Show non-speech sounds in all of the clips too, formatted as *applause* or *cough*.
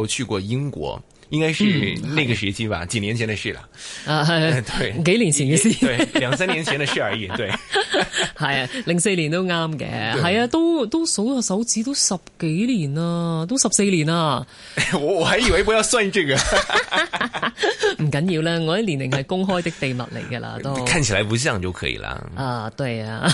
我去過英國，應該是那個時期吧，嗯、幾年前的事了啊，啊，對，幾年前的事，對，兩三年前的事而已。 *laughs* 對，係 *laughs* 啊，零四年都啱嘅，係啊，都都數下手指都十幾年啦，都十四年啦。我我係以為不要算這個嘅，唔緊要啦，我啲年齡係公開的秘密嚟噶啦，都看起來不像就可以了。啊，對啊，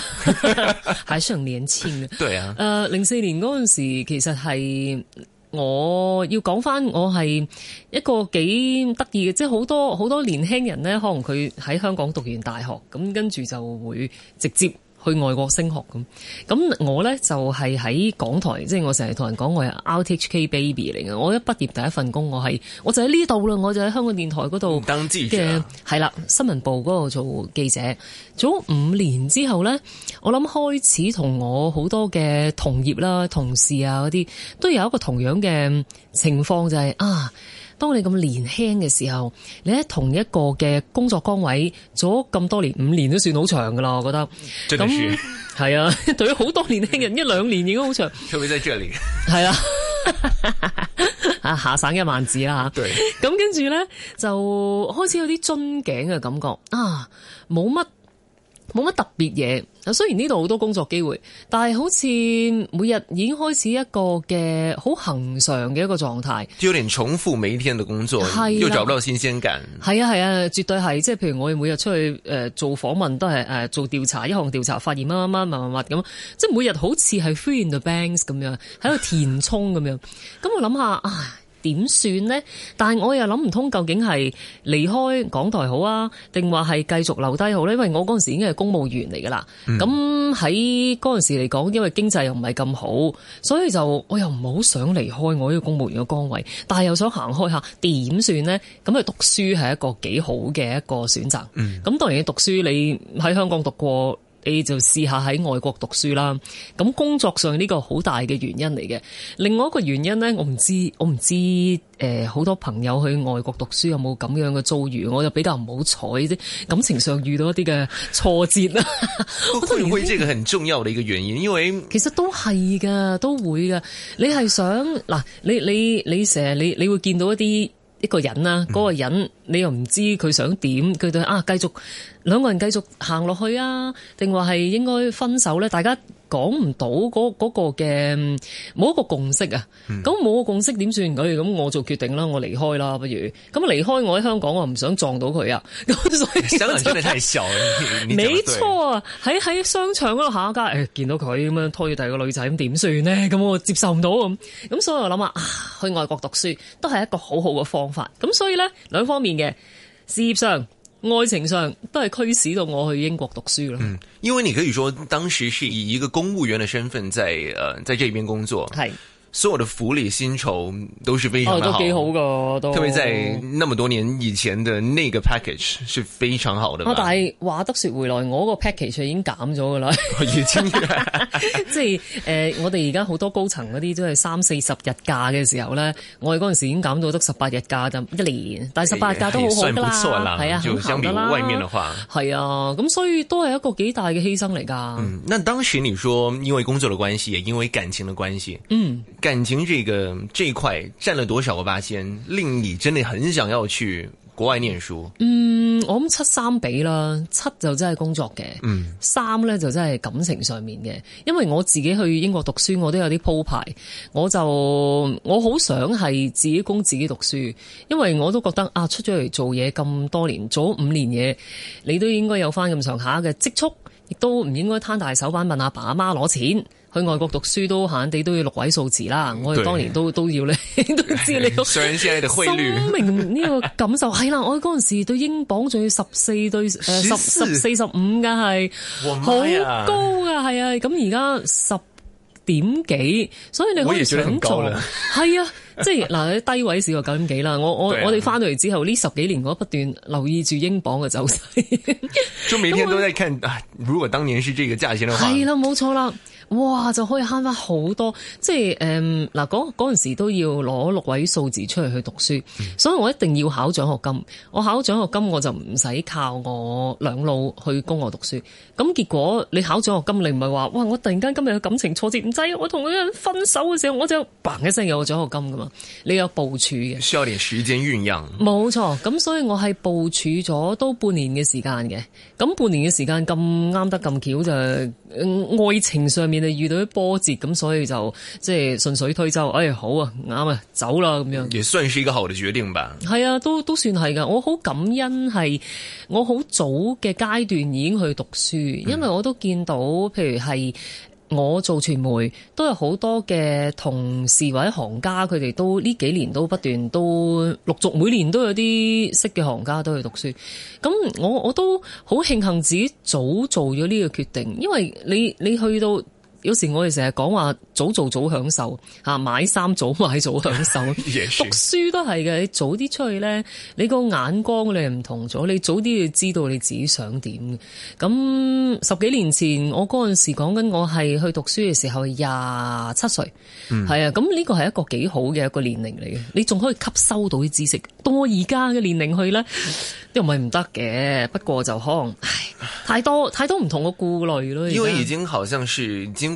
*laughs* 還是很年輕，對啊。誒、呃，零四年嗰陣時候其實係。我要講返，我係一個幾得意嘅，即係好多好多年輕人呢，可能佢喺香港讀完大學，咁跟住就會直接。去外國升學咁，咁我呢就係、是、喺港台，即、就、係、是、我成日同人講我係 RTHK baby 嚟嘅。我一畢業第一份工，我係我就喺呢度啦，我就喺香港電台嗰度嘅，係啦，新聞部嗰度做記者。做五年之後呢，我諗開始同我好多嘅同業啦、同事啊嗰啲，都有一個同樣嘅情況，就係、是、啊。當你咁年輕嘅時候，你喺同一個嘅工作崗位做咁多年，五年都算好長噶啦，我覺得。咁係啊，對於好多年輕人，一兩年已經好長。特別真係着年。係啊，啊下省一萬字啦吓。對。咁跟住咧，就開始有啲樽頸嘅感覺啊，冇乜冇乜特別嘢。嗱，雖然呢度好多工作機會，但係好似每日已經開始一個嘅好恒常嘅一個狀態，要連重複每天嘅工作的，又找不到新鮮感。係啊係啊，絕對係，即係譬如我哋每日出去誒做訪問都係誒做調查，一項調查發現乜乜乜、乜乜乜咁，即係每日好似係 fill in the blanks 咁樣喺度填充咁樣。咁 *laughs* 我諗下啊～點算呢？但我又諗唔通，究竟係離開港台好啊，定話係繼續留低好呢？因為我嗰陣時已經係公務員嚟㗎啦。咁喺嗰陣時嚟講，因為經濟又唔係咁好，所以就我又唔好想離開我呢個公務員嘅崗位，但係又想行開下。點算呢？咁去讀書係一個幾好嘅一個選擇。咁、嗯、當然你讀書，你喺香港讀過。你就試下喺外國讀書啦。咁工作上呢個好大嘅原因嚟嘅。另外一個原因呢，我唔知，我唔知誒，好多朋友去外國讀書有冇咁樣嘅遭遇，我就比較唔好彩啫。感情上遇到一啲嘅挫折啦，我覺得呢啲係一個很重要嘅一個原因，因為其實都係㗎，都會㗎。你係想嗱，你你你成日你常常你，你會見到一啲一個人啊、嗯、個人他他啊，嗰個人你又唔知佢想點，佢對啊繼續。兩個人繼續行落去啊？定話係應該分手咧？大家講唔到嗰、嗰個嘅冇、嗰個、一個共識啊！咁、嗯、冇個共識點算佢？咁我做決定啦，我離開啦，不如咁離開我喺香港，我唔想撞到佢啊！咁所以想人椅太撞，冇錯啊！喺喺商場嗰度下街，誒、欸、見到佢咁樣拖住第二個女仔，咁點算呢？咁我接受唔到咁，咁所以我諗啊，去外國讀書都係一個好好嘅方法。咁所以咧，兩方面嘅事業上。愛情上都係驅使到我去英國讀書咯。嗯，因為你可以說當時是以一個公務員的身份在，誒，在這邊工作係。所有的福利薪酬都是非常哦都幾好噶，都，的都特別在那麼多年以前的那個 package 是非常好的，啊。但係話得說回來，我個 package 已經減咗噶啦。即係誒，我哋而家好多高層嗰啲都係三四十日假嘅時候呢，我哋嗰陣時已經減到得十八日假就一年，但係十八假都好好噶啦，算不啦啊，就相比外面嘅話係啊，咁所以都係一個幾大嘅犧牲嚟噶。嗯，那當時你說因為工作的關係，也因為感情的關係，嗯。感情這個這一塊佔了多少個八千？令你真的很想要去國外念書？嗯，我諗七三比啦，七就真係工作嘅，嗯，三呢就真係感情上面嘅。因為我自己去英國讀書，我都有啲鋪排，我就我好想係自己供自己讀書，因為我都覺得啊，出咗嚟做嘢咁多年，做咗五年嘢，你都應該有翻咁上下嘅積蓄，亦都唔應該攤大手板問阿爸阿媽攞錢。去外國讀書都慳地都要六位數字啦！我哋當年都都要咧，都知道你都。上知匯率，明呢個感受係 *laughs* 啦！我嗰陣時對英鎊仲要十四、呃、十四，對十四十五嘅係，好高噶係啊！咁而家十點幾，所以你可以咁做係啊！即係嗱，低位試過九點幾啦。我我我哋翻到嚟之後呢十幾年嗰不斷留意住英鎊嘅走勢，就每天都在看。如果當年是這個價錢嘅話，係啦，冇錯啦。哇，就可以慳翻好多，即係誒嗱，嗰嗰陣時都要攞六位數字出嚟去讀書，嗯，所以我一定要考獎學金。我考獎學金我就唔使靠我兩老去供我讀書。咁結果你考獎學金，你唔係話哇，我突然間今日嘅感情挫折唔滯，我同佢分手嘅時候，我就嘭一聲有個獎學金噶嘛？你有部署嘅，需要點時間醖釀？冇錯，咁所以我係部署咗都半年嘅時間嘅。咁半年嘅時間咁啱得咁巧就愛情上面。你遇到啲波折咁，所以就即係順水推舟。哎，好啊，啱啊，走啦咁樣。也算是一個好的決定吧。係啊，都都算係噶。我好感恩係，我好早嘅階段已經去讀書，因為我都見到，譬如係我做傳媒，都有好多嘅同事或者行家，佢哋都呢幾年都不斷都陸續，每年都有啲識嘅行家都去讀書。咁我我都好慶幸自己早做咗呢個決定，因為你你去到。有時我哋成日講話早做早享受嚇，買衫早買早享受， *laughs* 讀書都係嘅。你早啲出去咧，你個眼光你係唔同咗。你早啲要知道你自己想點。咁十幾年前我嗰陣時講緊，我係去讀書嘅時候係廿七歲，係、嗯、啊。咁呢個係一個幾好嘅一個年齡嚟嘅，你仲可以吸收到啲知識。到我而家嘅年齡去咧，又唔係唔得嘅。不過就可能太多太多唔同嘅顧慮咯。 *laughs* 因為已經好像是經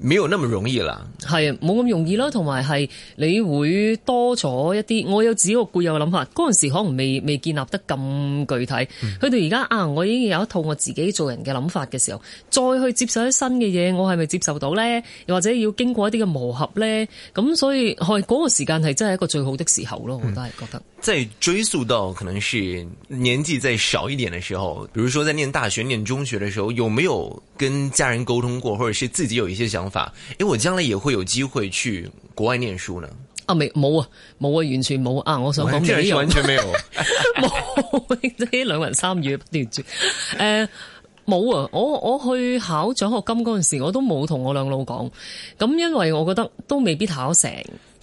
沒有那麼容易啦，係冇咁容易啦，同埋係你會多咗一啲，我有自己個固有嘅諗法，嗰陣時可能未未建立得咁具體，去、嗯、到而家啊，我已經有一套我自己做人嘅諗法嘅時候，再去接受一啲新嘅嘢，我係咪接受到呢？又或者要經過一啲嘅磨合呢？咁所以係嗰個時間係真係一個最好的時候咯，嗯、我都係覺得。即係追溯到可能是年紀再少一點嘅時候，比如說在念大學、念中學嘅時候，有沒有？跟家人溝通過，或者是自己有一些想法，因、欸、為我將來也會有機會去國外念書呢。啊，未冇啊，冇啊，完全冇啊，我想講嘅嘢又冇，啲 *laughs* 沒有 *laughs* 兩文三語不斷完誒，冇、呃、啊，我我去考獎學金嗰陣時候，我都冇同我兩老講，咁因為我覺得都未必考成。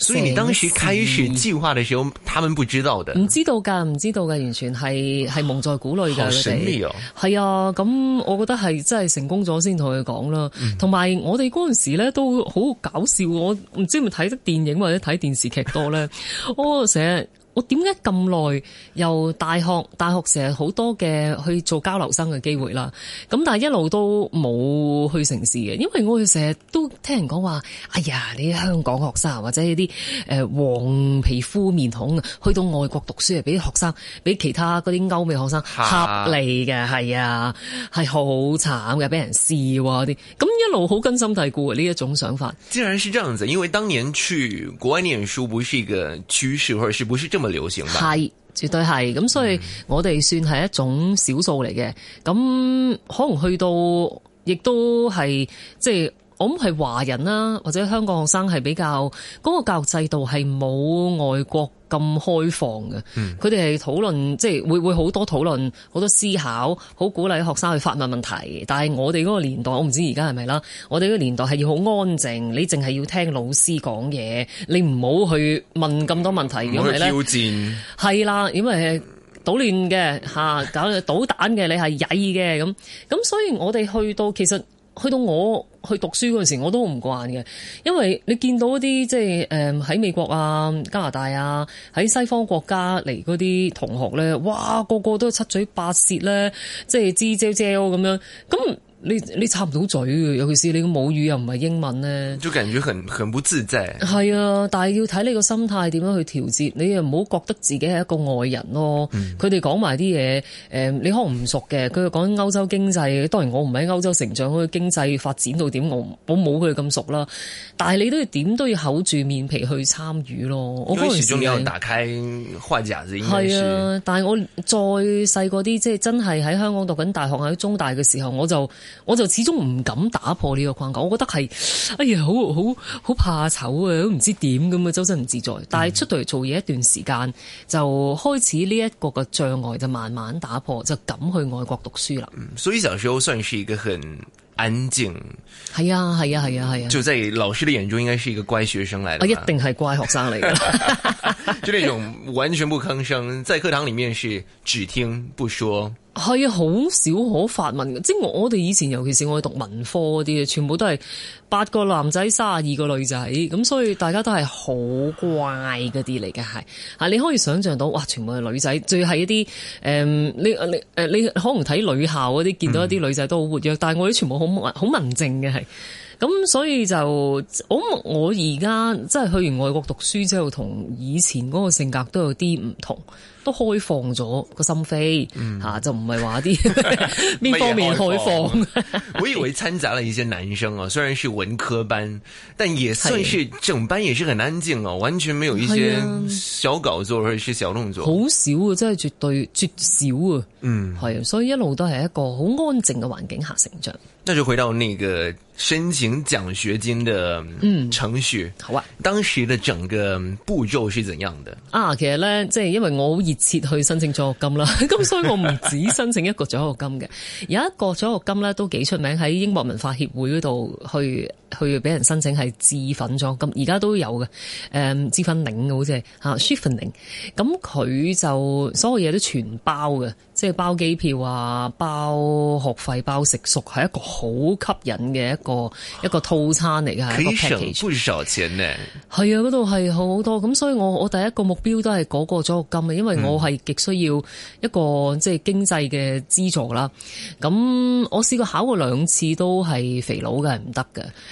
所以你當時開始計劃嘅時候，他們不知道嘅？唔知道噶，唔知道噶，完全係係蒙在鼓裏噶。好神秘哦。係啊，咁我覺得係真係成功咗先同佢講啦。嗯，同埋我哋嗰陣時咧都好搞笑，我唔知咪睇得電影或者睇電視劇多咧。哦，成日。我點解咁耐由大學大學成日好多嘅去做交流生嘅機會啦？咁但係一路都冇去城市嘅，因為我哋成日都聽人講話，哎呀，你香港學生或者一啲誒黃皮膚面孔去到外國讀書係俾啲學生俾其他嗰啲歐美學生恰嚟嘅。係啊，係好慘嘅，俾人試啲。咁一路好根深蒂固呢一種想法。既然係這樣子，因為當年去國外念書不是一個趨勢，或者是不是係，絕對係，咁所以我哋算係一種少數嚟嘅，咁可能去到，亦都係，即係。我諗係華人啦，或者香港學生係比較嗰個教育制度係冇外國咁開放嘅。佢哋係討論，即係會會好多討論，好多思考，好鼓勵學生去發問問題。但係我哋嗰個年代，我唔知而家係咪啦。我哋嗰個年代係要好安靜，你淨係要聽老師講嘢，你唔好去問咁多問題。因為呢挑戰係啦，因為搗亂嘅嚇搞到搗蛋嘅，你係曳嘅咁。咁所以我哋去到其實。去到我去讀書嗰陣時，我都唔慣嘅，因為你見到一啲即係誒喺美國啊、加拿大啊、喺西方國家嚟嗰啲同學咧，哇個個都七嘴八舌咧，即係滋焦焦咁樣，咁。你你插唔到嘴，尤其是你嘅母語又唔係英文呢，就感覺很很不自在啊。係啊，但係要睇你個心態點樣去調節。你又唔好覺得自己係一個外人咯。佢哋講埋啲嘢，誒，你可能唔熟嘅。佢哋講緊歐洲經濟，當然我唔喺歐洲成長，佢、嗰個、經濟發展到點，我冇佢咁熟啦。但係你都要點都要厚住面皮去參與咯。我嗰陣時仲要打開開人先係啊！但係我再細個啲，即係真係喺香港讀緊大學喺中大嘅時候，我就。我就始終唔敢打破呢個框架，我覺得係哎呀，好好好怕醜啊，都唔知點，咁嘅周身唔自在。但係出到嚟做嘢一段時間，嗯、就開始呢一個嘅障礙就慢慢打破，就敢去外國讀書啦。所以小時候算是一個很安靜，係啊係啊係啊係啊，啊，就在老師的眼中應該是一個乖學生嚟嘅，一定係乖學生嚟嘅， *laughs* *laughs* 就係一種完全不吭聲，在課堂裏面是只聽不說。係啊，好少可發問，即係我哋以前，尤其是我哋讀文科嗰啲，全部都係八個男仔，三十二個女仔，咁所以大家都係好乖嗰啲嚟嘅，係啊，你可以想象到，哇，全部係女仔，最係一啲、嗯、你你你，你，你可能睇女校嗰啲，見到一啲女仔都好活躍，但係我哋全部好文好文靜嘅，係，咁所以就我我而家即係去完外國讀書之後，同以前嗰個性格都有啲唔同。都開放咗個心扉，吓、嗯啊、就唔係話啲邊方面開放。開放 *laughs* 我以為摻雜了一些男生啊、哦，雖然是文科班，但也算是整班也是很安靜哦，完全沒有一些小搞作或者是小動作。好少啊，的真係絕對絕少啊。嗯，係啊，所以一路都係一個好安靜嘅環境下成長。那就回到那個申請獎學金的嗯程序嗯，好啊。當時的整個步驟是怎樣的啊？其實呢，即係因為我好。切去申請獎學金啦，咁所以我唔止申請一個獎學金嘅，有一個獎學金咧都幾出名，喺英國文化協會嗰度去。去俾人申請係資粉咗，咁而家都有嘅，誒、嗯、志奮領好似係嚇，舒、啊、奮領，咁佢就所有嘢都全包嘅，即係包機票啊，包學費，包食宿，係一個好吸引嘅一個一個套餐嚟嘅。佢係啊，嗰度係好多，咁所以我我第一個目標都係嗰個獎學金嘅，因為我係極需要一個即係經濟嘅資助啦。咁我試過考過兩次都係肥佬嘅，唔得嘅。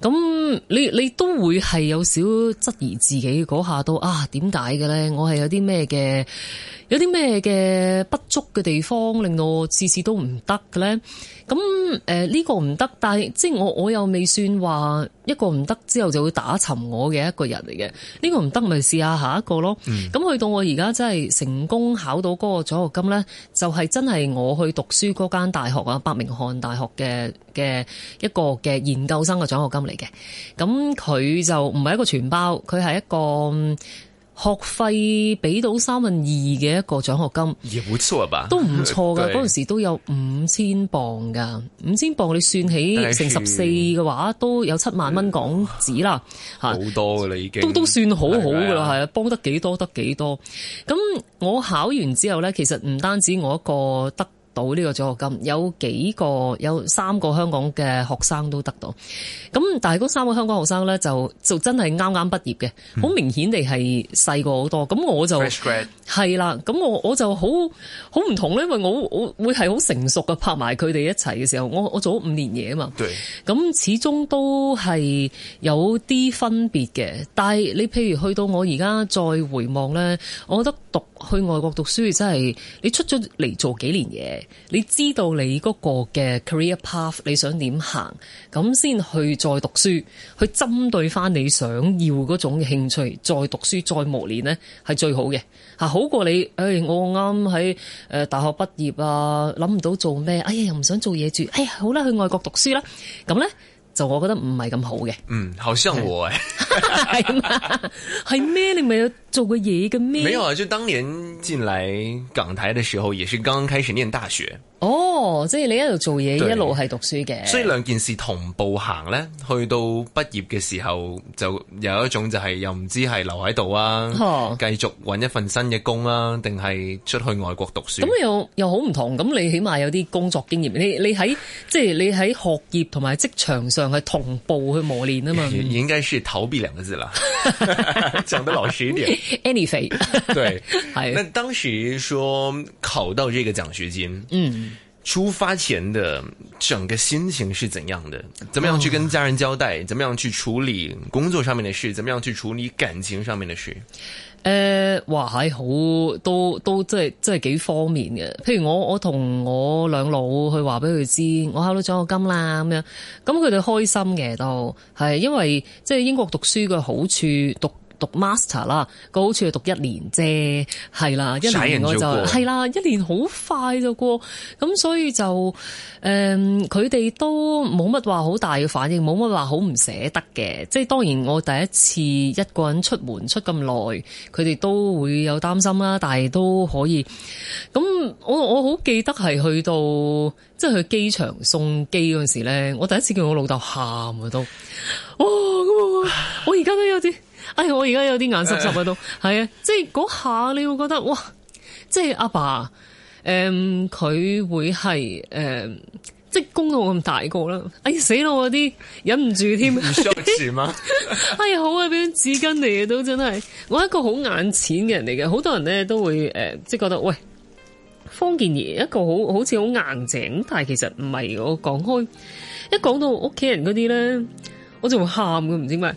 咁你你都會係有少質疑自己嗰下都啊？點解嘅咧？我係有啲咩嘅有啲咩嘅不足嘅地方，令到我次次都唔得嘅咧？咁誒呢個唔得，但係即係我我又未算話一個唔得之後就會打沉我嘅一個人嚟嘅。呢、這個唔得，咪試下下一個咯。咁、嗯、去到我而家真係成功考到嗰個獎學金咧，就係、是、真係我去讀書嗰間大學啊，伯明翰大學嘅嘅一個嘅研究生嘅獎學金。嚟嘅，咁佢就唔係一個全包，佢係一個學費俾到三分二嘅一個獎學金，冇錯吧都唔錯噶。嗰陣時都有五千鎊噶，五千鎊你算起成十四嘅話，都有七萬蚊港紙啦，吓、嗯、好多噶啦已經，都都算好好噶啦，係啊，幫得幾多得幾多。咁我考完之後咧，其實唔單止我一個得。到呢個獎學金有幾個，有三個香港嘅學生都得到咁。但係嗰三個香港學生咧就就真係啱啱畢業嘅，好、嗯、明顯地係細個好多。咁我就係啦，咁我我就好好唔同咧，因為我我，我會係好成熟嘅拍埋佢哋一齊嘅時候，我我做咗五年嘢啊嘛，對，咁始終都係有啲分別嘅。但係你譬如去到我而家再回望咧，我覺得。讀去外國讀書真係，你出咗嚟做幾年嘢，你知道你嗰個嘅 career path 你想點行，咁先去再讀書，去針對翻你想要嗰種嘅興趣，再讀書再磨練呢係最好嘅吓，好過你，誒、欸、我啱喺誒大學畢業啊，諗唔到做咩，哎呀又唔想做嘢住，哎呀好啦去外國讀書啦，咁呢。就我覺得唔係咁好嘅。嗯，好像我誒係咩？ *laughs* *laughs* 你咪有做過嘢嘅咩？沒有啊！就當年進來港台嘅時候，也是剛剛開始念大學。哦、oh，即係你一路做嘢一路係讀書嘅，所以兩件事同步行咧，去到畢業嘅時候就有一種就係又唔知係留喺度啊，繼、oh. 續搵一份新嘅工啊，定係出去外國讀書？咁又又好唔同咁，你起碼有啲工作經驗，你你喺即係你喺學業同埋職場上係同步去磨練啊嘛。 *laughs* 應該是逃避兩個字啦，講 *laughs* *laughs* 得老實一點 Anything？、Anyway. 對， *laughs* 那當時說考到呢個獎學金，嗯。出發前的整個心情是怎樣的？怎麼樣去跟家人交代？怎麼樣去處理工作上面的事？怎麼樣去處理感情上面的事？誒、呃，話係、哎、好都都即係即係幾方面嘅。譬如我我同我兩老去話俾佢知，我考到獎學金啦咁樣，咁佢哋開心嘅都係因為即係英國讀書嘅好處讀。讀 master 啦，佢好似係讀一年啫，係啦，啦，一年我就係啦，一年好快就過，咁所以就誒，佢、嗯、哋都冇乜話好大嘅反應，冇乜話好唔捨得嘅。即係當然，我第一次一個人出門出咁耐，佢哋都會有擔心啦，但係都可以。咁我我好記得係去到即係、就是、去機場送機嗰時咧，我第一次見我老豆喊啊都，哇！我而家都有啲。哎，我而家有啲眼濕濕啊都，係 *laughs* 啊，即係嗰下你會覺得哇，即係阿爸，爸，誒、嗯，佢會係誒、嗯，即係供到咁大個啦，哎死咯我啲忍唔住添，唔傷錢嗎？哎好啊，俾張紙巾嚟啊都真係，我係一,一個好眼淺嘅人嚟嘅，好多人咧都會誒，即係覺得喂，方健儀一個好好似好硬淨，但係其實唔係，我講開，一講到屋企人嗰啲咧，我就會喊嘅，唔知咩。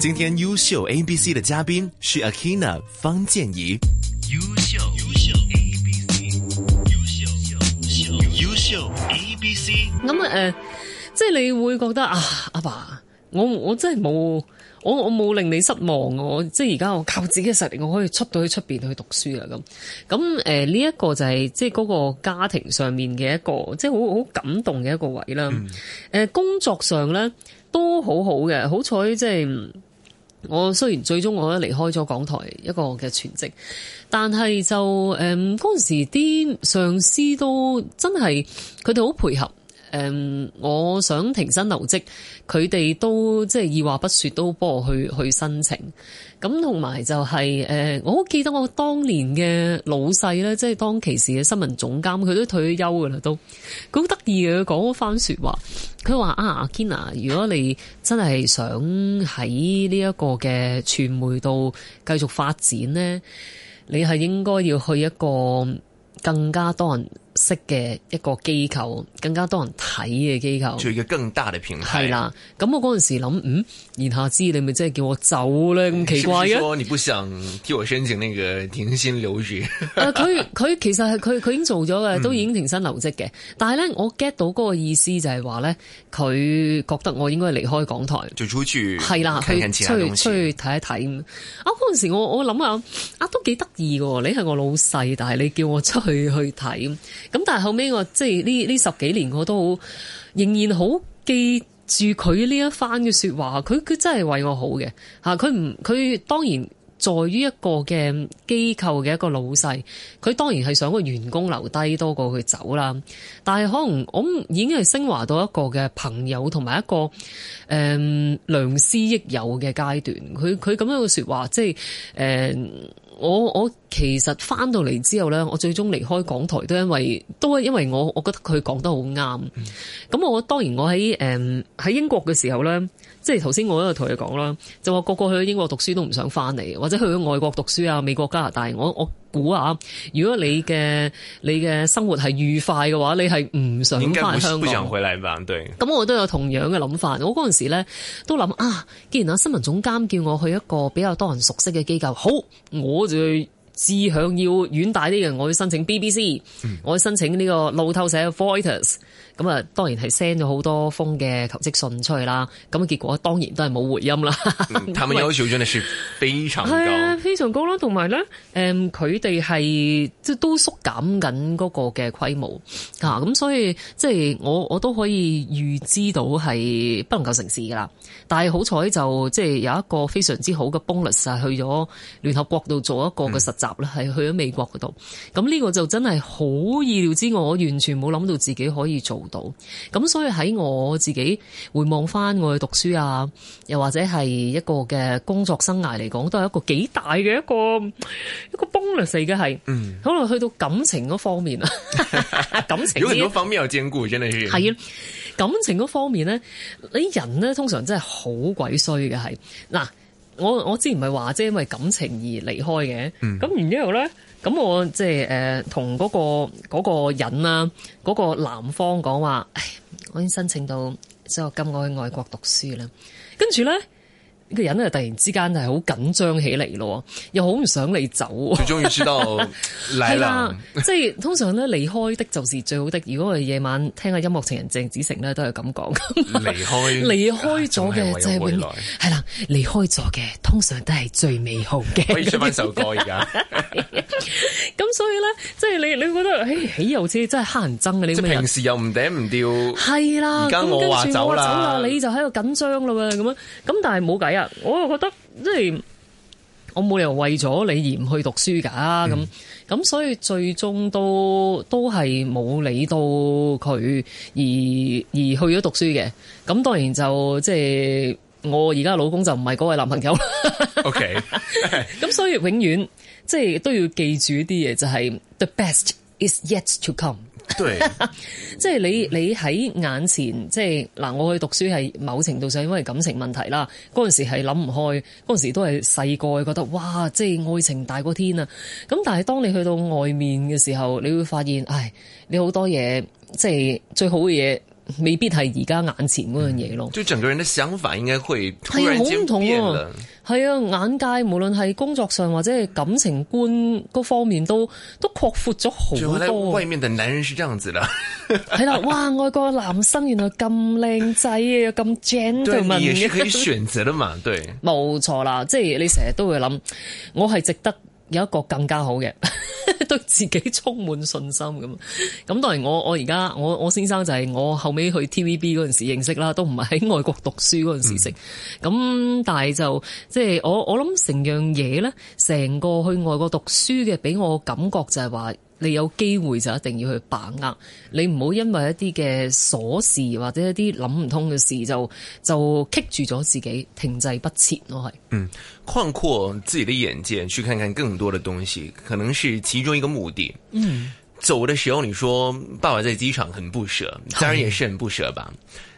今天優秀 A B C 的嘉賓是 Akina 方健儀。優秀優秀 A B C，優秀優秀 A B C。咁、呃、誒，即係你會覺得啊，阿爸，我我真係冇，我我冇令你失望，我即係而家我靠自己嘅實力，我可以出到去出邊去讀書啦咁。咁誒，呢、嗯、一、呃這個就係、是、即係嗰個家庭上面嘅一個，即係好好感動嘅一個位啦。誒、嗯呃，工作上咧，都好好嘅，好彩即係。我雖然最終我咧離開咗港台一個嘅全職，但係就誒嗰陣時啲上司都真係佢哋好配合。嗯、我想停薪留職，佢哋都即係二話不說，都幫我去去申請。咁同埋就係、誒、我好記得我當年嘅老細咧，即係當其時嘅新聞總監，佢都退休噶啦，都佢好得意嘅講返說話，佢話啊，阿 Kenna，如果你真係想喺呢一個嘅傳媒度繼續發展呢，你係應該要去一個更加多人識嘅一個機構，更加多人睇嘅機構，做一個更大嘅平台。係啦，咁我嗰陣時諗，嗯，言下之意你咪即係叫我走咧，咁奇怪嘅。是不是說你不想替我申請呢個停薪留職？佢 *laughs* 佢、呃、其實係佢佢已經做咗嘅，都已經停薪留職嘅、嗯。但係咧，我 get 到嗰個意思就係話咧，佢覺得我應該離開港台，做住係啦，去出去睇一睇。啊，嗰陣時我我諗下啊，啊都幾得意噶，你係我老細，但係你叫我出去去睇咁但係後尾，我即係呢呢十幾年我都好仍然好記住佢呢一番嘅說話，佢佢真係為我好嘅吓，佢唔佢當然在於一個嘅機構嘅一個老細，佢當然係想個員工留低多過佢走啦。但係可能我已經係升華到一個嘅朋友同埋一個誒、嗯、良師益友嘅階段，佢佢咁樣嘅說話，即係誒。嗯我我其實返到嚟之後呢，我最終離開港台都因為都係因為我我覺得佢講得好啱。咁、嗯、我當然我喺喺、嗯、英國嘅時候呢。即係頭先我喺度同你講啦，就話個個去英國讀書都唔想翻嚟，或者去咗外國讀書啊，美國、加拿大。我我估啊，如果你嘅你嘅生活係愉快嘅話，你係唔想翻香港。應該會嚟返嚟，對。咁我都有同樣嘅諗法。我嗰陣時呢都諗啊，既然啊新聞總監叫我去一個比較多人熟悉嘅機構，好我就去。志向要遠大啲嘅，我要申請 BBC、嗯、我要申請呢個路透社嘅 Reuters，咁啊，當然係 send 咗好多封嘅求職信出去啦，咁嘅結果當然都係冇回音啦。他們要求真係說非常高啊，非常高啦，同埋咧誒，佢哋係即係都縮減緊嗰個嘅規模嚇，咁、啊、所以即係我我都可以預知到係不能夠成事㗎，但係好彩就即係有一個非常之好嘅 bonus 係去咗聯合國度做一個嘅實習、嗯。係去咗美國嗰度，咁呢個就真係好意料之外，我完全冇諗到自己可以做到，咁所以喺我自己回望翻我去讀書啊，又或者係一個嘅工作生涯嚟講，都係一個幾大嘅一個一個崩裂嚟嘅係，可能去到感情嗰方面啊 *laughs* *laughs* 感情嗰方面又正固真係，係啊，感情嗰方面呢，你人呢，通常真係好鬼衰嘅係嗱。我我之前唔係話即係因為感情而離開嘅，咁、嗯、然之後咧，咁我即係誒同嗰個嗰、嗰個人啦、啊，嗰、嗰個男方講話，我已經申請到所以我今我去外國讀書啦，跟住咧。個人咧，突然之間係好緊張起嚟咯，又好唔想你走、啊最，最終於知道，係啦，即係通常咧，離開的就是最好的。如果我夜晚聽下音樂情人鄭子誠咧，都係咁講。離開離 *laughs* 開咗嘅即係本來，係、啊、啦，離開咗嘅通常都係最美好嘅。可以唱翻首歌而家 *laughs* 這樣。咁 *laughs* 所以咧，即係你你覺得，哎，好似真係黑人憎你，平時又唔頂唔掉，係啦、啊。跟住我走啦， *laughs* 你就喺度緊張啦，咁樣咁，但係冇計。我又覺得，即係我冇理由為咗你而唔去讀書噶，咁、嗯、咁所以最終都都係冇理到佢而而去咗讀書嘅。咁當然就即係我而家老公就唔係嗰位男朋友 *laughs* OK，咁 *laughs* 所以永遠即係都要記住一啲嘢，就係，就 *laughs* 係 the best is yet to come。對，即係你你喺眼前，即係嗱，我去讀書係某程度上因為感情問題啦。嗰陣時係諗唔開，嗰陣時都係細個覺得哇，即係愛情大過天啊！咁但係當你去到外面嘅時候，你會發現，唉，你好多嘢，即係最好嘅嘢。未必係而家眼前嗰樣嘢咯，就整個人的想法應該會突然間變咗，係啊，好唔同啊，係啊，眼界無論係工作上或者係感情觀嗰方面都都擴闊咗好多。原來外面的男人是這樣子啦，係 *laughs* 啦、啊，哇，外國男生原來咁靚仔啊，咁 *laughs* gentleman 嘅，對，你也可以選擇啦嘛，對，冇 *laughs* 錯啦，即係你成日都會諗，我係值得。有一個更加好嘅， *laughs* 對自己充滿信心咁。咁當然我我而家我我先生就係我後尾去 TVB 嗰陣時認識啦，都唔係喺外國讀書嗰陣時識。咁、嗯、但係就即係我我諗成樣嘢咧，成個去外國讀書嘅俾我的感覺就係、是、話。你有機會就一定要去把握，你唔好因為一啲嘅瑣事或者一啲諗唔通嘅事就就棘住咗自己停滯不前咯，係。嗯，擴闊自己的眼界，去看看更多的東西，可能是其中一個目的。嗯，走嘅時候，你說爸爸在機場很不捨，當然也是很不捨吧。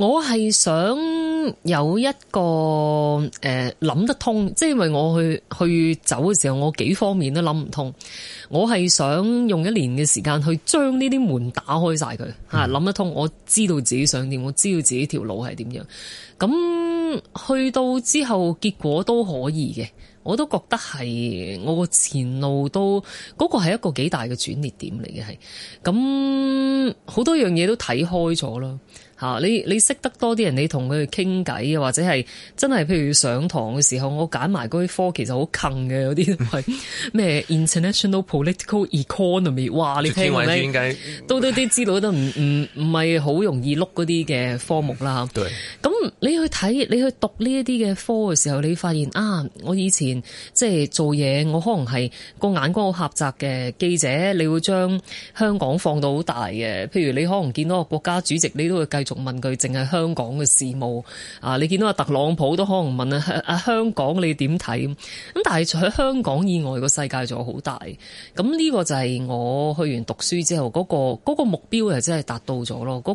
我係想有一個誒諗，呃、得通，即係因為我去去走嘅時候，我幾方面都諗唔通。我係想用一年嘅時間去將呢啲門打開曬佢吓，諗得通。我知道自己想點，我知道自己條路係點樣。咁去到之後，結果都可以嘅，我都覺得係我個前路都嗰，那個係一個幾大嘅轉捩點嚟嘅，係咁好多樣嘢都睇開咗啦。嚇、啊！你你識得多啲人，你同佢傾偈啊，或者係真係，譬如上堂嘅時候，我揀埋嗰啲科其實好近嘅，嗰啲係咩 international political economy？哇！你聽點解都都啲資料都唔唔唔係好容易碌嗰啲嘅科目啦。對。咁你去睇，你去讀呢一啲嘅科嘅時候，你發現啊，我以前即係做嘢，我可能係個眼光好狹窄嘅記者，你會將香港放到好大嘅，譬如你可能見到個國家主席，你都會繼續。問佢淨係香港嘅事務啊！你見到阿特朗普都可能問阿阿、啊啊、香港你點睇咁？咁但係喺香港以外個世界就好大咁，呢個就係我去完讀書之後嗰、嗰個、嗰個目標係真係達到咗咯，嗰、嗰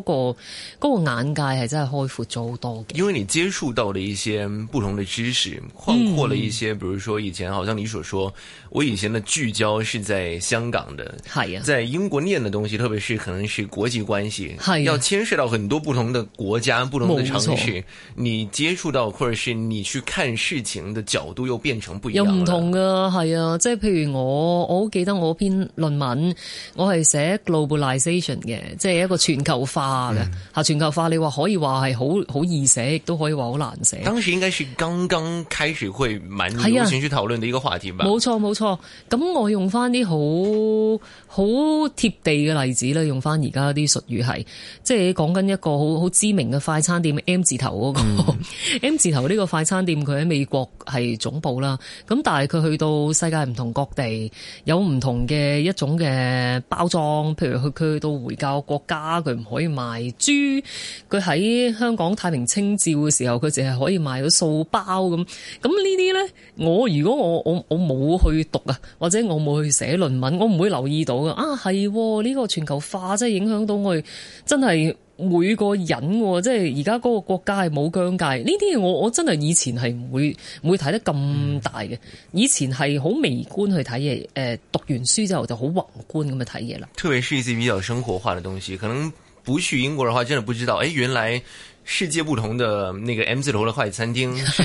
個、嗰個眼界係真係開闊咗好多。因為你接觸到嘅一些不同嘅知識，擴闊了一些、嗯，比如說以前好像你所說。我以前的聚焦是在香港的，係啊，在英國念的東西，特別是可能是國際關係，係、啊、要牽涉到很多不同的國家、不同的城市，你接觸到，或者是你去看事情的角度又變成不一樣。有唔同噶，係啊，即係譬如我，我好記得我篇論文，我係寫 globalization 嘅，即係一個全球化嘅吓、嗯，全球化你話可以話係好好易寫，亦都可以話好難寫。當時應該是剛剛開始會蠻有興趣討論的一個話題吧。冇錯、啊，冇錯。沒錯咁、哦、我用翻啲好好貼地嘅例子啦，用翻而家啲術語係，即係講緊一個好好知名嘅快餐店 M 字頭嗰、嗰個、嗯、 *laughs* M 字頭呢個快餐店，佢喺美國係總部啦，咁但係佢去到世界唔同各地有唔同嘅一種嘅包裝，譬如去佢去到回教國家，佢唔可以賣豬，佢喺香港太平清醮嘅時候，佢淨係可以賣到素包咁，咁呢啲呢，我如果我我我冇去。讀啊，或者我冇去寫論文，我唔會留意到噶。啊，係喎，呢個全球化真係影響到我哋，真係每個人，即係而家嗰個國家係冇疆界。呢啲嘢我我真係以前係唔會唔會睇得咁大嘅，以前係好微觀去睇嘢。誒，讀完書之後就好宏觀咁去睇嘢啦。特別是一啲比較生活化嘅東西，可能不去英國嘅話，真係不知道誒，原來。世界不同的那個 M 字頭的快餐店是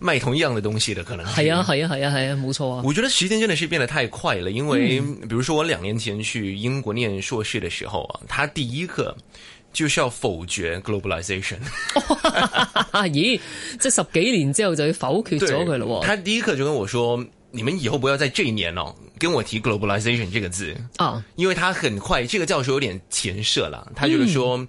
賣同樣的東西的， *laughs* 可能是。 *laughs* 是啊，是啊，是啊，是啊，冇錯啊。我覺得時間真的是變得太快了，因為、嗯、比如說我兩年前去英國念碩士的時候啊，他第一課就是要否決 globalization。咦，即十幾年之後就要否決咗佢喇。他第一課就跟我說：“你們以後不要在這一年哦，跟我提 globalization 這個字啊，因為他很快。”這個教授有點前設啦，他就是說。嗯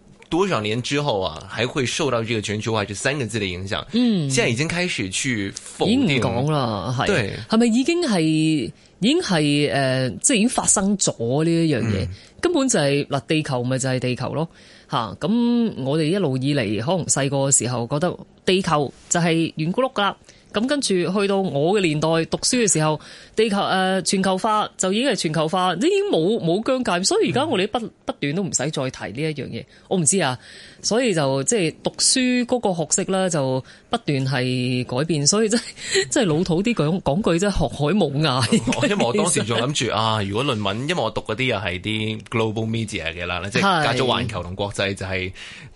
多少年之後啊，還會受到這個全球化這三個字嘅影響？嗯，現在已經開始去否定啦，係，係咪已經係已經係誒、呃，即係已經發生咗呢一樣嘢？根本就係、是、嗱，地球咪就係地球咯，吓、啊、咁我哋一路以嚟，可能細個嘅時候覺得地球就係圓咕碌噶啦。咁跟住去到我嘅年代讀書嘅時候，地球誒，全球化就已經係全球化，你已經冇冇疆界，所以而家我哋不、嗯、不、不斷都唔使再提呢一樣嘢。我唔知啊，所以就即係、就係、讀書嗰個學識咧，就不斷係改變，所以真係即係老土啲講講句即係學海冇涯。因為我當時仲諗住啊，如果論文，因為我讀嗰啲又係啲 global media 嘅啦，即係加咗環球同國際就係、係。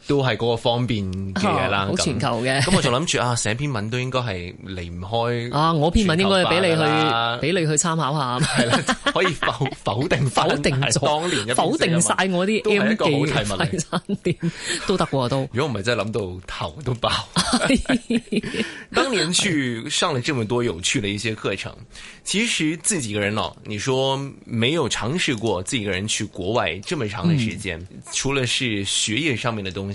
都係個方便嘅嘢啦，好、哦、全球嘅。咁我就諗住啊，寫篇文都應該係離唔開啊，我篇文應該係俾你去俾你去參考下，係 *laughs* 啦，可以否否定否定當年，否定晒我啲 M 都好問嚟。都得過都、啊、都。如果唔係真係諗到頭都爆， *laughs* 當年去上了這麼多有趣嘅一些課程，其實自己個人咯，你說沒有嘗試過自己個人去國外這麼長嘅時間、嗯，除了是學業上面嘅東西。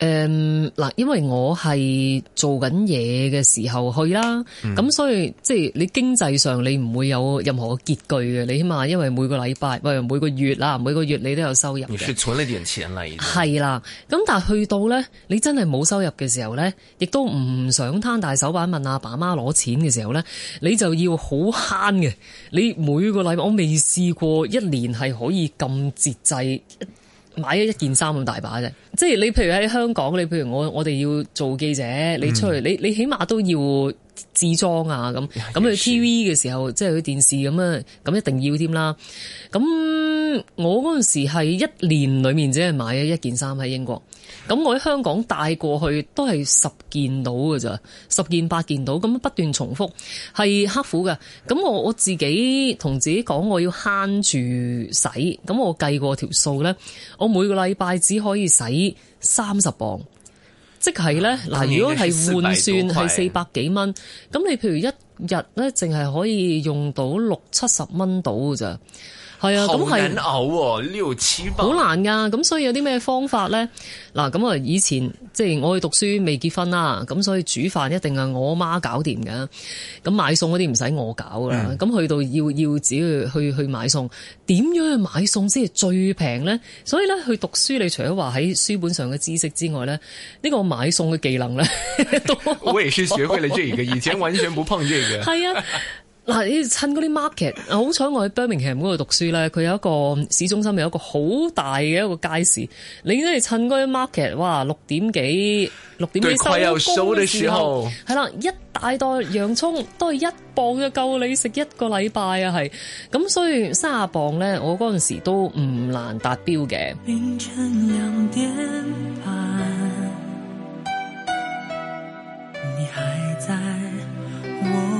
誒、嗯、嗱，因為我係做緊嘢嘅時候去啦，咁、嗯、所以即係你經濟上你唔會有任何嘅拮據嘅，你起碼因為每個禮拜喂每個月啦，每個月你都有收入嘅。你儲咗啲錢啦，已經係啦。咁但係去到呢，你真係冇收入嘅時候呢，亦都唔想攤大手板問阿爸媽攞錢嘅時候呢，你就要好慳嘅。你每個禮拜我未試過一年係可以咁節制。買咗一件衫咁大把啫，即係你譬如喺香港，你譬如我我哋要做記者，嗯、你出去你你起碼都要置裝啊，咁咁去 TV 嘅時候，即係去電視咁啊，咁一定要添啦。咁我嗰陣時係一年裏面只係買咗一件衫喺英國。咁我喺香港帶過去都係十件到㗎咋，十件八件到，咁不斷重複，係刻苦嘅。咁我我自己同自己講，我要慳住使。咁我計過條數呢，我每個禮拜只可以使三十磅，即係呢。嗱、即係嗯，如果係換算係四百幾蚊，咁、嗯、你譬如一日呢，淨係可以用到六七十蚊到咋。係啊，咁係好難噶、哦，咁所以有啲咩方法咧？嗱，咁啊，以前即係、就是、我去讀書未結婚啦，咁所以煮飯一定係我媽搞掂嘅。咁買餸嗰啲唔使我搞噶啦。咁、嗯、去到要要自己去去，去買餸點樣去買餸先係最平咧？所以咧，去讀書，你除咗話喺書本上嘅知識之外咧，呢、這個買餸嘅技能咧 *laughs* 都。我亦是學會了這個， *laughs* 以前完全不碰這個。係啊。 *laughs* 嗱，你趁嗰啲 market，好彩我喺 Birmingham 嗰度讀書咧，佢有一個市中心有一個好大嘅一個街市，你都係趁嗰啲 market，哇，六點幾六點幾收工嘅時候，係 *laughs* 啦，一大袋洋葱都係一磅嘅，夠你食一個禮拜啊，係咁，所以三十磅咧，我嗰陣時都唔難達標嘅。凌晨兩點半，你還在我。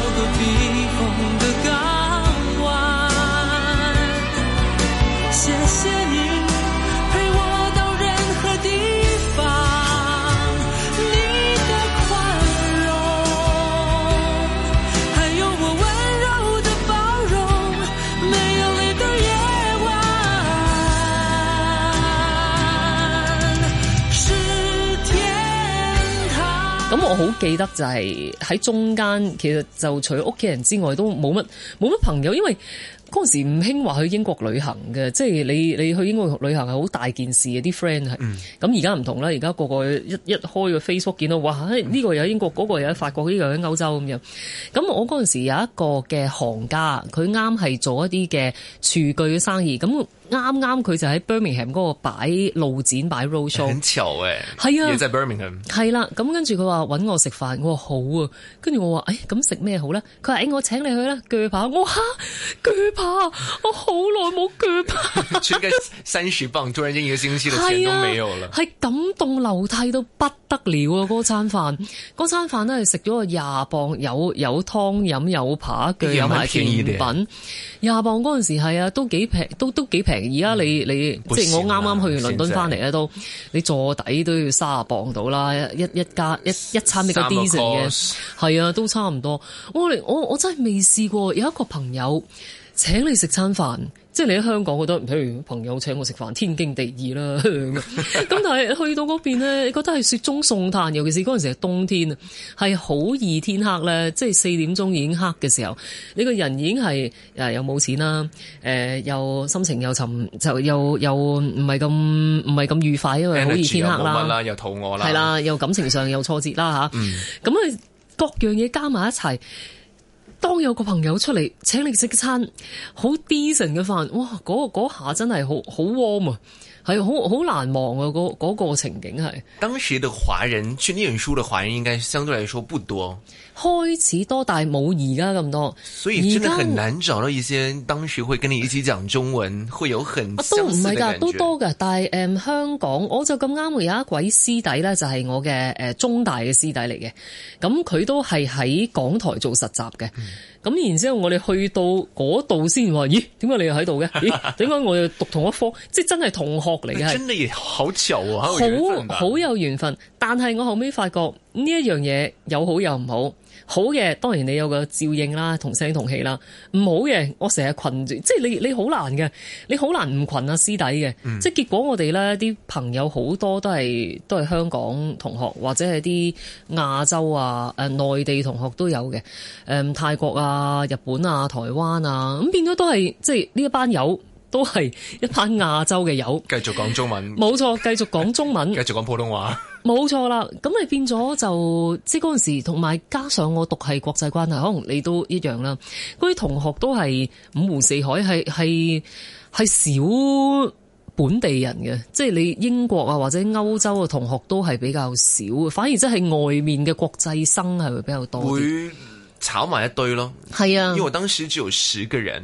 我好記得就係、是、喺中間，其實就除屋企人之外都冇乜冇乜朋友，因為嗰陣時唔興話去英國旅行嘅，即係你你去英國旅行係好大件事嘅，啲 friend 係。咁而家唔同啦，而家個個一一開個 Facebook 見到哇，呢、這個又喺英國，嗰、那個又喺法國，呢、這個又喺歐洲咁樣。咁我嗰陣時有一個嘅行家，佢啱係做一啲嘅廚具嘅生意，咁。啱啱佢就喺 Birmingham 嗰個擺路展擺 roadshow，很巧誒、欸，係啊，就喺 Birmingham，係啦。咁、啊、跟住佢話揾我食飯，我話好啊。跟住我話誒，咁食咩好咧？佢話誒，我請你去啦，鋸扒我吓？鋸扒，我好耐冇鋸扒。轉嘅三十磅，突然間一個星期嘅錢都冇啦。係、啊、感動流涕到不得了啊！嗰餐飯嗰 *laughs* 餐飯咧係食咗廿磅，有有湯飲有扒，跟住有甜品。廿磅嗰陣時係啊，都幾平，都都幾平。而家你你即係我啱啱去完倫敦翻嚟咧，都你坐底都要卅啊磅到啦，一一家一一餐呢個 decent 嘅，係啊，都差唔多。我我我真係未試過有一個朋友請你食餐飯。即係你喺香港覺得，譬如朋友請我食飯，天經地義啦。咁但係去到嗰邊呢，你覺得係雪中送炭。尤其是嗰陣時係冬天啊，係好易天黑咧。即係四點鐘已經黑嘅時候，你個人已經係誒又冇錢啦，誒又心情又沉，就又又唔係咁唔係咁愉快，因為好易天黑啦。又肚餓啦，係啦，又感情上有挫折啦吓，咁、嗯、啊，各樣嘢加埋一齊。當有個朋友出嚟請你食餐好 decent 嘅飯，哇！嗰嗰下真係好好 warm 啊，係好好難忘啊！嗰嗰、嗰個情景係當時嘅華人去念書嘅華人，應該相對來說不多。開始多，大冇而家咁多。所以真係很難找到一些當時會跟你一起講中文我，會有很、啊、都唔係噶，都多噶。但係誒、嗯，香港我就咁啱，我有一位師弟咧，就係、是、我嘅誒、呃、中大嘅師弟嚟嘅。咁佢都係喺港台做實習嘅。咁、嗯、然之後我哋去到嗰度先話：「咦？點解你又喺度嘅？點解我又讀同一科？ *laughs* 即係真係同學嚟嘅。真係好巧啊！好啊好有緣分，但係我後尾發覺。呢一樣嘢有好有唔好，好嘅當然你有個照應啦，同聲同氣啦，唔好嘅，我成日群住，即係你你好難嘅，你好難唔群啊師弟嘅，嗯、即係結果我哋呢啲朋友好多都係都係香港同學或者係啲亞洲啊誒、呃、內地同學都有嘅、呃、泰國啊日本啊台灣啊咁變咗都係即係呢一班友。都係一班亞洲嘅友，繼續講中文，冇錯，繼續講中文。繼續講普通話，冇錯啦，咁咪變咗就即係嗰陣時，同埋加上我讀係國際關係，可能你都一樣啦。嗰啲同學都係五湖四海，係係係少本地人嘅，即係你英國啊或者歐洲嘅同學都係比較少，反而即係外面嘅國際生係會比較多。會炒埋一堆咯。係啊，因為我當時只有十個人。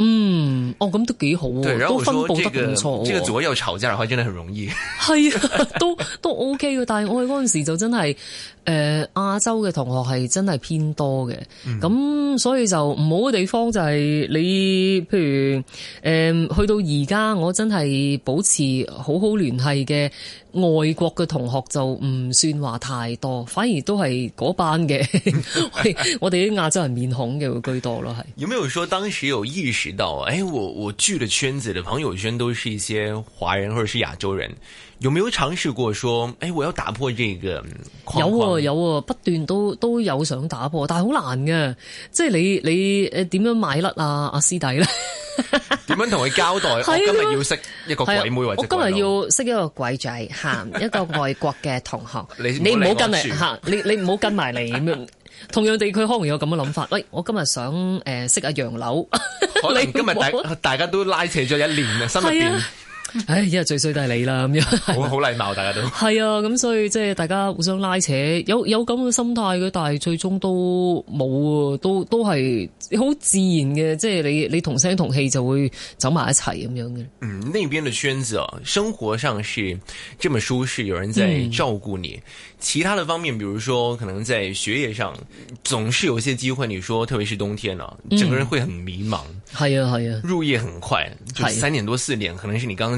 嗯，哦，咁都幾好，啊，都分布得唔錯啊。即係如果要吵架嘅話，真係好容易。係 *laughs* 啊，都都 OK 嘅。但係我哋陣時就真係誒、呃，亞洲嘅同學係真係偏多嘅。咁、嗯、所以就唔好嘅地方就係你，譬如誒、呃、去到而家，我真係保持好好聯繫嘅外國嘅同學就唔算話太多，反而都係嗰班嘅， *laughs* *laughs* 我哋啲亞洲人面孔嘅會居多咯。係有冇說當時有意識？道，誒，我我住的圈子的朋友圈，都是一些華人或者是亞洲人，有沒有嘗試過說，誒、哎，我要打破這個框框有，、哦、有、哦、不斷都都有想打破，但係好難嘅，即係你你誒點樣買甩啊阿師弟咧？點樣同佢交代？ *laughs* 我今日要識一個鬼妹或者鬼，我今日要識一個鬼仔，行一個外國嘅同學， *laughs* *laughs* 你你唔好跟嚟吓，你你唔好跟埋你。咁樣。同樣地，佢可能有咁嘅諗法。喂，我今日想誒、呃、識下楊柳。可能今日大家 *laughs* 大家都拉扯咗一年啊，心入邊。 *laughs* 哎，一日最衰都係你啦，咁 *laughs* 樣好， *laughs* 好好禮貌，大家都係 *laughs* 啊，咁所以即係大家互相拉扯，有有咁嘅心態嘅，但係最終都冇啊，都都係好自然嘅，即、就、係、是、你你同聲同氣就會走埋一齊咁樣嘅。嗯，那邊嘅圈子啊，生活上是這麼舒適，有人在照顧你、嗯。其他的方面，比如說可能在學業上，總是有些機會。你說，特別是冬天啊，整、這個人會很迷茫。係、嗯、啊，係啊，入夜很快，就三點多四點、啊，可能是你剛剛。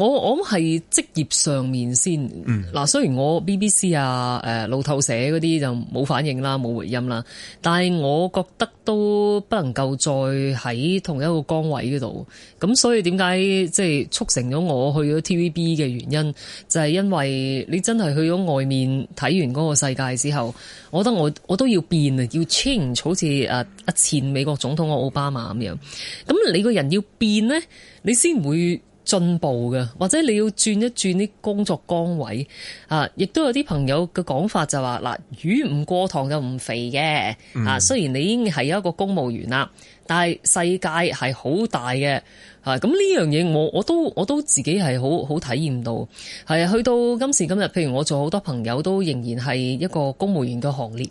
我我諗係職業上面先，嗱、嗯、雖然我 B B C 啊、誒路透社嗰啲就冇反應啦、冇回音啦，但係我覺得都不能夠再喺同一個崗位嗰度。咁所以點解即係促成咗我去咗 T V B 嘅原因，就係、是、因為你真係去咗外面睇完嗰個世界之後，我覺得我我都要變啊，要 change，好似誒一前美國總統嘅奧巴馬咁樣。咁你個人要變呢？你先會。進步嘅，或者你要轉一轉啲工作崗位啊，亦都有啲朋友嘅講法就話：嗱，魚唔過塘就唔肥嘅啊、嗯。雖然你已經係一個公務員啦，但係世界係好大嘅。啊！咁呢樣嘢我我都我都自己係好好體驗到，係啊！去到今時今日，譬如我做好多朋友都仍然係一個公務員嘅行列。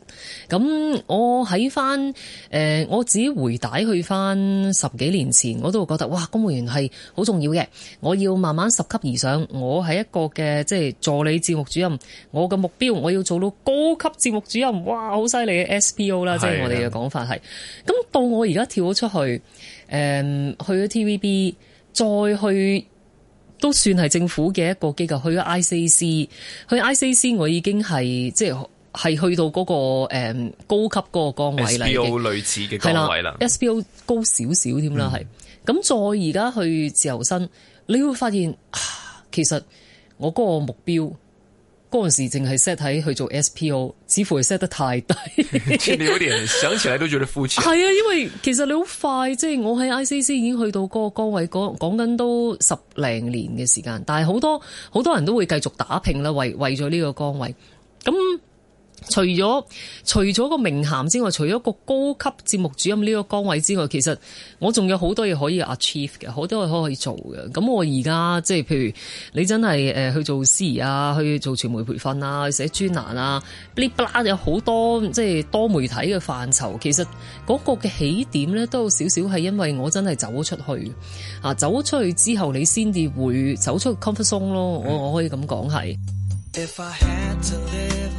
咁我喺翻、呃、我自己回帶去翻十幾年前，我都覺得哇！公務員係好重要嘅，我要慢慢十級而上。我係一個嘅即係助理節目主任，我嘅目標我要做到高級節目主任。哇！好犀利嘅 SPO 啦，即係我哋嘅講法係。咁到我而家跳咗出去。誒，去咗 TVB，再去都算係政府嘅一個機構。去咗 ICC，去 ICC 我已經係即係係去到嗰個高級嗰個崗位啦，SBO 崗位啦。SBO 類似嘅崗位啦 SBO 高少少添啦，係。咁再而家去自由身，你會發現其實我嗰個目標。嗰陣時淨係 set 喺去做 SPO，似乎 set 得太低， *laughs* 你有有點想起來都覺得膚淺。係啊，因為其實你好快，即係我喺 ICC 已經去到嗰個崗位，講講緊都十零年嘅時間，但係好多好多人都會繼續打拼啦，為為咗呢個崗位。咁除咗除咗個名銜之外，除咗個高級節目主任呢個崗位之外，其實我仲有好多嘢可以 achieve 嘅，好多嘢可以做嘅。咁我而家即係譬如你真係誒去做司儀啊，去做傳媒培訓啊，寫專欄啊，噼里啪啦有好多即係多媒體嘅範疇。其實嗰個嘅起點咧都有少少係因為我真係走咗出去啊，走咗出去之後你先至會走出去 comfort zone 咯。我我可以咁講係。If I had to live